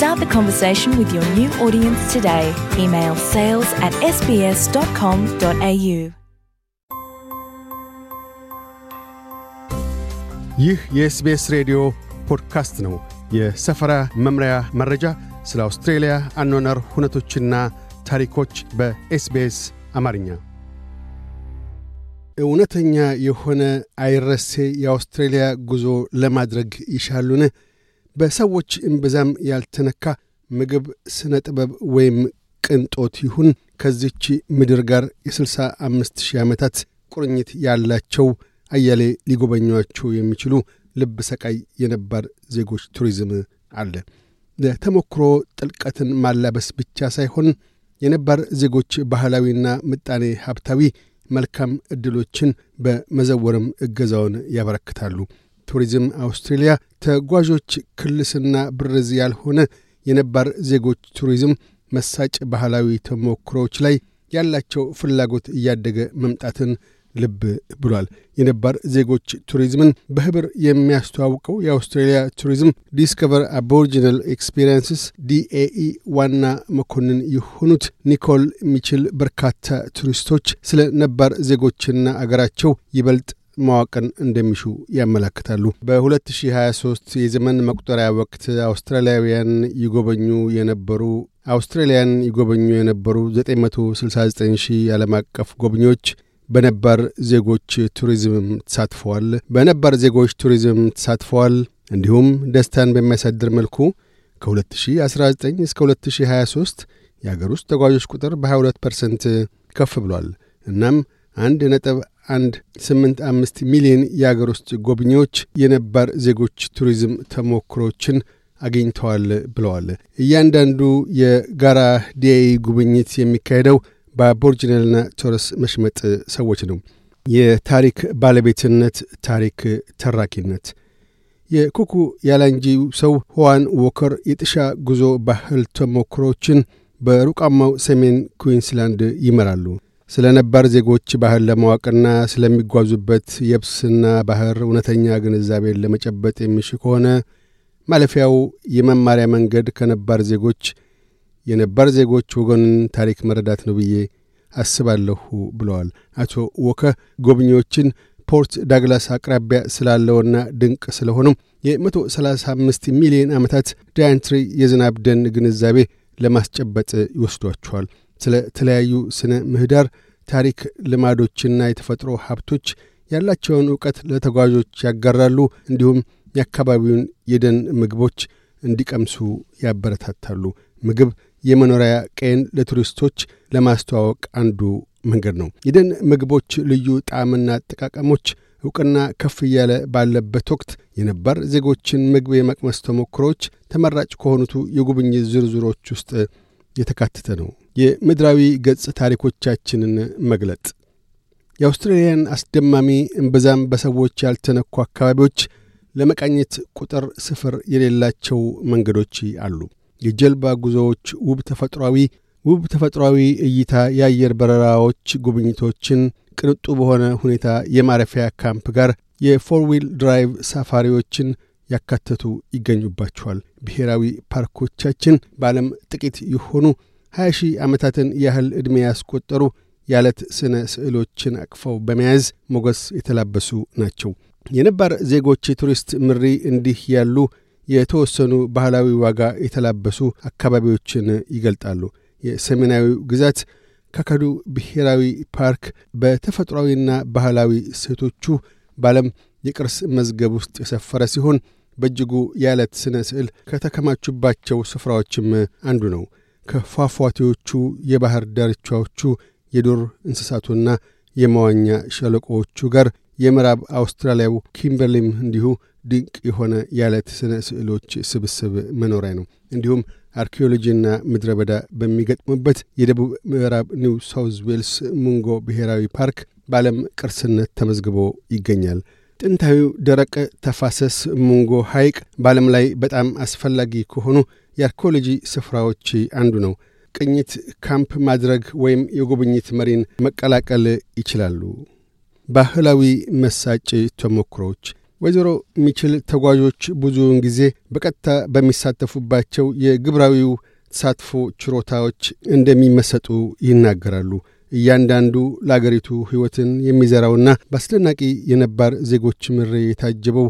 Start the conversation with your new audience today. Email sales at sbs.com.au. ይህ የኤስቤስ ሬዲዮ ፖድካስት ነው። የሰፈራ መምሪያ መረጃ፣ ስለ አውስትሬልያ አኗነር ሁነቶችና ታሪኮች በኤስቤስ አማርኛ። እውነተኛ የሆነ አይረሴ የአውስትሬልያ ጉዞ ለማድረግ ይሻሉን? በሰዎች እምብዛም ያልተነካ ምግብ፣ ስነ ጥበብ ወይም ቅንጦት ይሁን ከዚች ምድር ጋር የ አምስት ሺህ ዓመታት ቁርኝት ያላቸው አያሌ ሊጎበኟቸው የሚችሉ ልብ ሰቃይ የነባር ዜጎች ቱሪዝም አለ። ለተሞክሮ ጥልቀትን ማላበስ ብቻ ሳይሆን የነባር ዜጎች ባህላዊና ምጣኔ ሀብታዊ መልካም ዕድሎችን በመዘወርም እገዛውን ያበረክታሉ። ቱሪዝም አውስትሬልያ ተጓዦች ክልስና ብርዝ ያልሆነ የነባር ዜጎች ቱሪዝም መሳጭ ባህላዊ ተሞክሮዎች ላይ ያላቸው ፍላጎት እያደገ መምጣትን ልብ ብሏል። የነባር ዜጎች ቱሪዝምን በህብር የሚያስተዋውቀው የአውስትሬልያ ቱሪዝም ዲስከቨር አቦሪጂናል ኤክስፔሪንስስ ዲኤኢ ዋና መኮንን የሆኑት ኒኮል ሚችል በርካታ ቱሪስቶች ስለ ነባር ዜጎችና አገራቸው ይበልጥ ማወቅን እንደሚሹ ያመለክታሉ። በ2023 የዘመን መቁጠሪያ ወቅት አውስትራሊያውያን ይጎበኙ የነበሩ አውስትራሊያን ይጎበኙ የነበሩ 969 ሺህ ዓለም አቀፍ ጎብኚዎች በነባር ዜጎች ቱሪዝም ተሳትፈዋል በነባር ዜጎች ቱሪዝም ተሳትፈዋል። እንዲሁም ደስታን በሚያሳድር መልኩ ከ2019 እስከ 2023 የአገር ውስጥ ተጓዦች ቁጥር በ22 ፐርሰንት ከፍ ብሏል። እናም አንድ ነጥብ አንድ ስምንት አምስት ሚሊዮን የአገር ውስጥ ጎብኚዎች የነባር ዜጎች ቱሪዝም ተሞክሮችን አግኝተዋል ብለዋል። እያንዳንዱ የጋራ ዲያይ ጉብኝት የሚካሄደው በአቦርጅናልና ቶረስ መሽመጥ ሰዎች ነው። የታሪክ ባለቤትነት፣ ታሪክ ተራኪነት የኩኩ ያላንጂ ሰው ሆዋን ዎከር የጥሻ ጉዞ ባህል ተሞክሮችን በሩቃማው ሰሜን ኩዊንስላንድ ይመራሉ። ስለ ነባር ዜጎች ባህል ለማወቅና ስለሚጓዙበት የብስና ባህር እውነተኛ ግንዛቤን ለመጨበጥ የሚሽ ከሆነ ማለፊያው የመማሪያ መንገድ ከነባር ዜጎች የነባር ዜጎች ወገንን ታሪክ መረዳት ነው ብዬ አስባለሁ ብለዋል አቶ ወከ ጎብኚዎችን ፖርት ዳግላስ አቅራቢያ ስላለውና ድንቅ ስለሆነው የ135 ሚሊዮን ዓመታት ዳያንትሪ የዝናብ ደን ግንዛቤ ለማስጨበጥ ይወስዷቸዋል። ስለ ተለያዩ ስነ ምህዳር ታሪክ፣ ልማዶችና የተፈጥሮ ሀብቶች ያላቸውን እውቀት ለተጓዦች ያጋራሉ። እንዲሁም የአካባቢውን የደን ምግቦች እንዲቀምሱ ያበረታታሉ። ምግብ የመኖሪያ ቀይን ለቱሪስቶች ለማስተዋወቅ አንዱ መንገድ ነው። የደን ምግቦች ልዩ ጣዕምና አጠቃቀሞች እውቅና ከፍ እያለ ባለበት ወቅት የነባር ዜጎችን ምግብ የመቅመስ ተሞክሮች ተመራጭ ከሆኑት የጉብኝት ዝርዝሮች ውስጥ የተካተተ ነው። የምድራዊ ገጽ ታሪኮቻችንን መግለጥ የአውስትራሊያን አስደማሚ እምብዛም በሰዎች ያልተነኩ አካባቢዎች ለመቃኘት ቁጥር ስፍር የሌላቸው መንገዶች አሉ። የጀልባ ጉዞዎች፣ ውብ ተፈጥሯዊ ውብ ተፈጥሯዊ እይታ፣ የአየር በረራዎች፣ ጉብኝቶችን ቅንጡ በሆነ ሁኔታ የማረፊያ ካምፕ ጋር የፎርዊል ድራይቭ ሳፋሪዎችን ያካተቱ ይገኙባቸዋል። ብሔራዊ ፓርኮቻችን በዓለም ጥቂት የሆኑ ሀያ ሺህ ዓመታትን ያህል ዕድሜ ያስቆጠሩ የዓለት ሥነ ስዕሎችን አቅፈው በመያዝ ሞገስ የተላበሱ ናቸው። የነባር ዜጎች የቱሪስት ምሪ እንዲህ ያሉ የተወሰኑ ባህላዊ ዋጋ የተላበሱ አካባቢዎችን ይገልጣሉ። የሰሜናዊው ግዛት ካካዱ ብሔራዊ ፓርክ በተፈጥሯዊና ባህላዊ ሴቶቹ በዓለም የቅርስ መዝገብ ውስጥ የሰፈረ ሲሆን በእጅጉ የዓለት ሥነ ስዕል ከተከማቹባቸው ስፍራዎችም አንዱ ነው። ከፏፏቴዎቹ የባሕር ዳርቻዎቹ የዱር እንስሳቱና የመዋኛ ሸለቆዎቹ ጋር የምዕራብ አውስትራሊያው ኪምበርሊም እንዲሁ ድንቅ የሆነ የዓለት ሥነ ስዕሎች ስብስብ መኖሪያ ነው። እንዲሁም አርኪኦሎጂና ምድረ በዳ በሚገጥሙበት የደቡብ ምዕራብ ኒው ሳውዝ ዌልስ ሙንጎ ብሔራዊ ፓርክ በዓለም ቅርስነት ተመዝግቦ ይገኛል። ጥንታዊው ደረቅ ተፋሰስ ሙንጎ ሐይቅ በዓለም ላይ በጣም አስፈላጊ ከሆኑ የአርኪኦሎጂ ስፍራዎች አንዱ ነው። ቅኝት ካምፕ ማድረግ ወይም የጉብኝት መሪን መቀላቀል ይችላሉ። ባህላዊ መሳጭ ተሞክሮዎች ወይዘሮ ሚችል ተጓዦች ብዙውን ጊዜ በቀጥታ በሚሳተፉባቸው የግብራዊው ተሳትፎ ችሮታዎች እንደሚመሰጡ ይናገራሉ። እያንዳንዱ ለአገሪቱ ሕይወትን የሚዘራውና በአስደናቂ የነባር ዜጎች ምሬ የታጀበው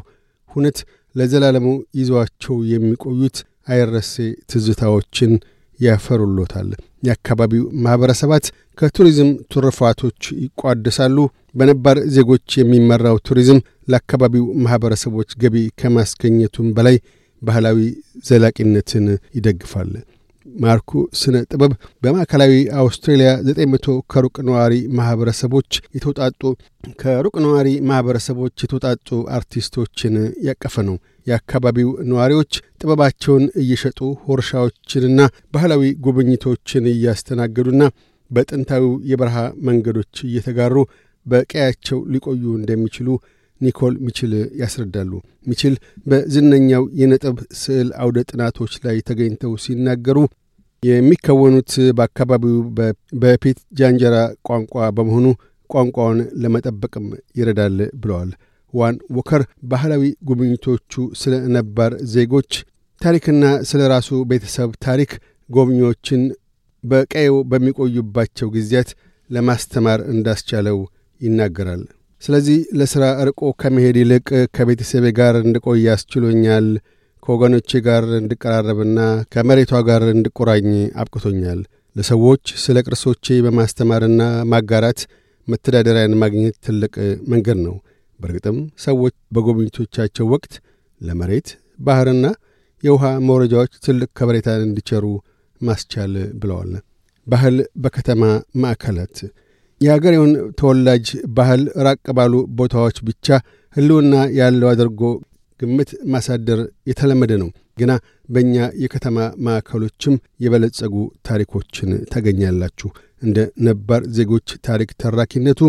ሁነት ለዘላለሙ ይዘዋቸው የሚቆዩት አይረሴ ትዝታዎችን ያፈሩሎታል። የአካባቢው ማኅበረሰባት ከቱሪዝም ትሩፋቶች ይቋደሳሉ። በነባር ዜጎች የሚመራው ቱሪዝም ለአካባቢው ማኅበረሰቦች ገቢ ከማስገኘቱም በላይ ባህላዊ ዘላቂነትን ይደግፋል። ማርኩ ስነ ጥበብ በማዕከላዊ አውስትሬልያ 900 ከሩቅ ነዋሪ ማኅበረሰቦች የተውጣጡ ከሩቅ ነዋሪ ማኅበረሰቦች የተውጣጡ አርቲስቶችን ያቀፈ ነው። የአካባቢው ነዋሪዎች ጥበባቸውን እየሸጡ ሆርሻዎችንና ባህላዊ ጉብኝቶችን እያስተናገዱና በጥንታዊው የበረሃ መንገዶች እየተጋሩ በቀያቸው ሊቆዩ እንደሚችሉ ኒኮል ሚችል ያስረዳሉ። ሚችል በዝነኛው የነጥብ ስዕል አውደ ጥናቶች ላይ ተገኝተው ሲናገሩ የሚከወኑት በአካባቢው በፒት ጃንጀራ ቋንቋ በመሆኑ ቋንቋውን ለመጠበቅም ይረዳል ብለዋል። ዋን ዎከር ባህላዊ ጉብኝቶቹ ስለ ነባር ዜጎች ታሪክና ስለ ራሱ ቤተሰብ ታሪክ ጎብኚዎችን በቀየው በሚቆዩባቸው ጊዜያት ለማስተማር እንዳስቻለው ይናገራል። ስለዚህ ለሥራ ርቆ ከመሄድ ይልቅ ከቤተሰቤ ጋር እንድቆይ አስችሎኛል። ከወገኖቼ ጋር እንድቀራረብና ከመሬቷ ጋር እንድቆራኝ አብቅቶኛል። ለሰዎች ስለ ቅርሶቼ በማስተማርና ማጋራት መተዳደሪያን ማግኘት ትልቅ መንገድ ነው። በእርግጥም ሰዎች በጎብኝቶቻቸው ወቅት ለመሬት ባህርና የውሃ መውረጃዎች ትልቅ ከበሬታን እንዲቸሩ ማስቻል ብለዋል። ባህል በከተማ ማዕከላት የአገሬውን ተወላጅ ባህል ራቅ ባሉ ቦታዎች ብቻ ህልውና ያለው አድርጎ ግምት ማሳደር የተለመደ ነው። ግና በእኛ የከተማ ማዕከሎችም የበለጸጉ ታሪኮችን ታገኛላችሁ። እንደ ነባር ዜጎች ታሪክ ተራኪነቱ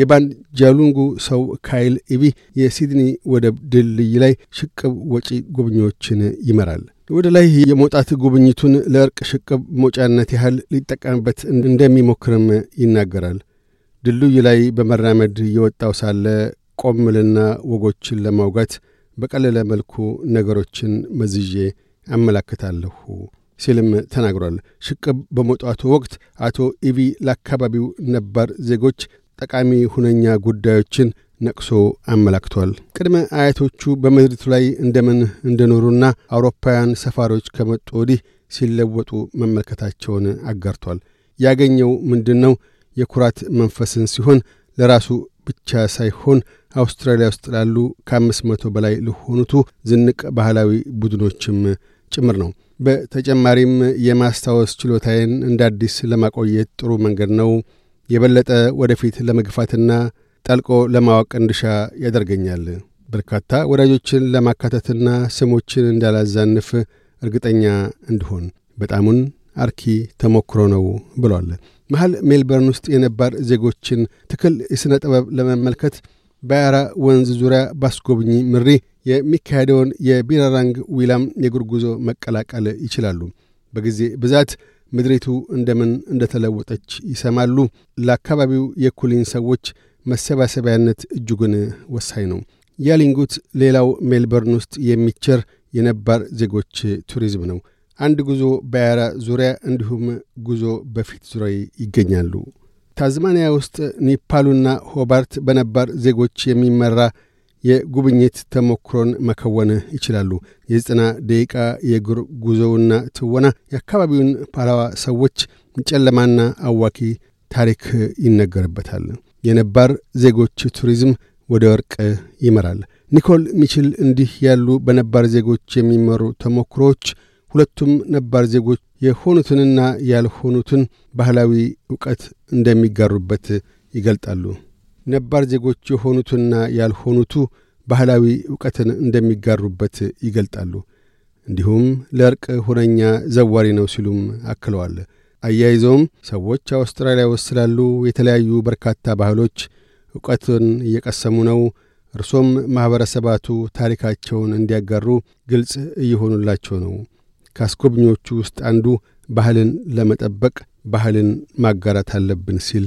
የባንጃሉንጉ ሰው ካይል ኢቪ የሲድኒ ወደብ ድልድይ ላይ ሽቅብ ወጪ ጉብኚዎችን ይመራል። ወደ ላይ የመውጣት ጉብኝቱን ለእርቅ ሽቅብ መውጫነት ያህል ሊጠቀምበት እንደሚሞክርም ይናገራል። ድልድዩ ላይ በመራመድ የወጣው ሳለ ቆምልና ወጎችን ለማውጋት በቀለለ መልኩ ነገሮችን መዝዤ አመላክታለሁ ሲልም ተናግሯል። ሽቅብ በመውጣቱ ወቅት አቶ ኢቪ ለአካባቢው ነባር ዜጎች ጠቃሚ ሁነኛ ጉዳዮችን ነቅሶ አመላክቷል። ቅድመ አያቶቹ በምድሪቱ ላይ እንደምን እንደኖሩና አውሮፓውያን ሰፋሪዎች ከመጡ ወዲህ ሲለወጡ መመልከታቸውን አጋርቷል። ያገኘው ምንድን ነው? የኩራት መንፈስን ሲሆን ለራሱ ብቻ ሳይሆን አውስትራሊያ ውስጥ ላሉ ከአምስት መቶ በላይ ለሆኑቱ ዝንቅ ባህላዊ ቡድኖችም ጭምር ነው። በተጨማሪም የማስታወስ ችሎታዬን እንደ አዲስ ለማቆየት ጥሩ መንገድ ነው የበለጠ ወደፊት ለመግፋትና ጠልቆ ለማወቅ እንድሻ ያደርገኛል። በርካታ ወዳጆችን ለማካተትና ስሞችን እንዳላዛንፍ እርግጠኛ እንድሆን በጣሙን አርኪ ተሞክሮ ነው ብሏል። መሀል ሜልበርን ውስጥ የነባር ዜጎችን ትክል የሥነ ጥበብ ለመመልከት በአያራ ወንዝ ዙሪያ ባስጎብኚ ምሪ የሚካሄደውን የቢራራንግ ዊላም የእግር ጉዞ መቀላቀል ይችላሉ። በጊዜ ብዛት ምድሪቱ እንደምን እንደተለወጠች ይሰማሉ። ለአካባቢው የኩሊን ሰዎች መሰባሰቢያነት እጅጉን ወሳኝ ነው። ያሊንጉት ሌላው ሜልበርን ውስጥ የሚቸር የነባር ዜጎች ቱሪዝም ነው። አንድ ጉዞ በያራ ዙሪያ እንዲሁም ጉዞ በፊት ዙሪያ ይገኛሉ። ታዝማኒያ ውስጥ ኒፓሉና ሆባርት በነባር ዜጎች የሚመራ የጉብኝት ተሞክሮን መከወን ይችላሉ። የዘጠና ደቂቃ የእግር ጉዞውና ትወና የአካባቢውን ፓላዋ ሰዎች ጨለማና አዋኪ ታሪክ ይነገርበታል። የነባር ዜጎች ቱሪዝም ወደ ወርቅ ይመራል። ኒኮል ሚችል እንዲህ ያሉ በነባር ዜጎች የሚመሩ ተሞክሮዎች ሁለቱም ነባር ዜጎች የሆኑትንና ያልሆኑትን ባህላዊ ዕውቀት እንደሚጋሩበት ይገልጣሉ። ነባር ዜጎች የሆኑትና ያልሆኑቱ ባህላዊ እውቀትን እንደሚጋሩበት ይገልጣሉ። እንዲሁም ለእርቅ ሁነኛ ዘዋሪ ነው ሲሉም አክለዋል። አያይዘውም ሰዎች አውስትራሊያ ውስጥ ስላሉ የተለያዩ በርካታ ባህሎች እውቀትን እየቀሰሙ ነው። እርሶም ማኅበረሰባቱ ታሪካቸውን እንዲያጋሩ ግልጽ እየሆኑላቸው ነው። ከአስጎብኚዎቹ ውስጥ አንዱ ባህልን ለመጠበቅ ባህልን ማጋራት አለብን ሲል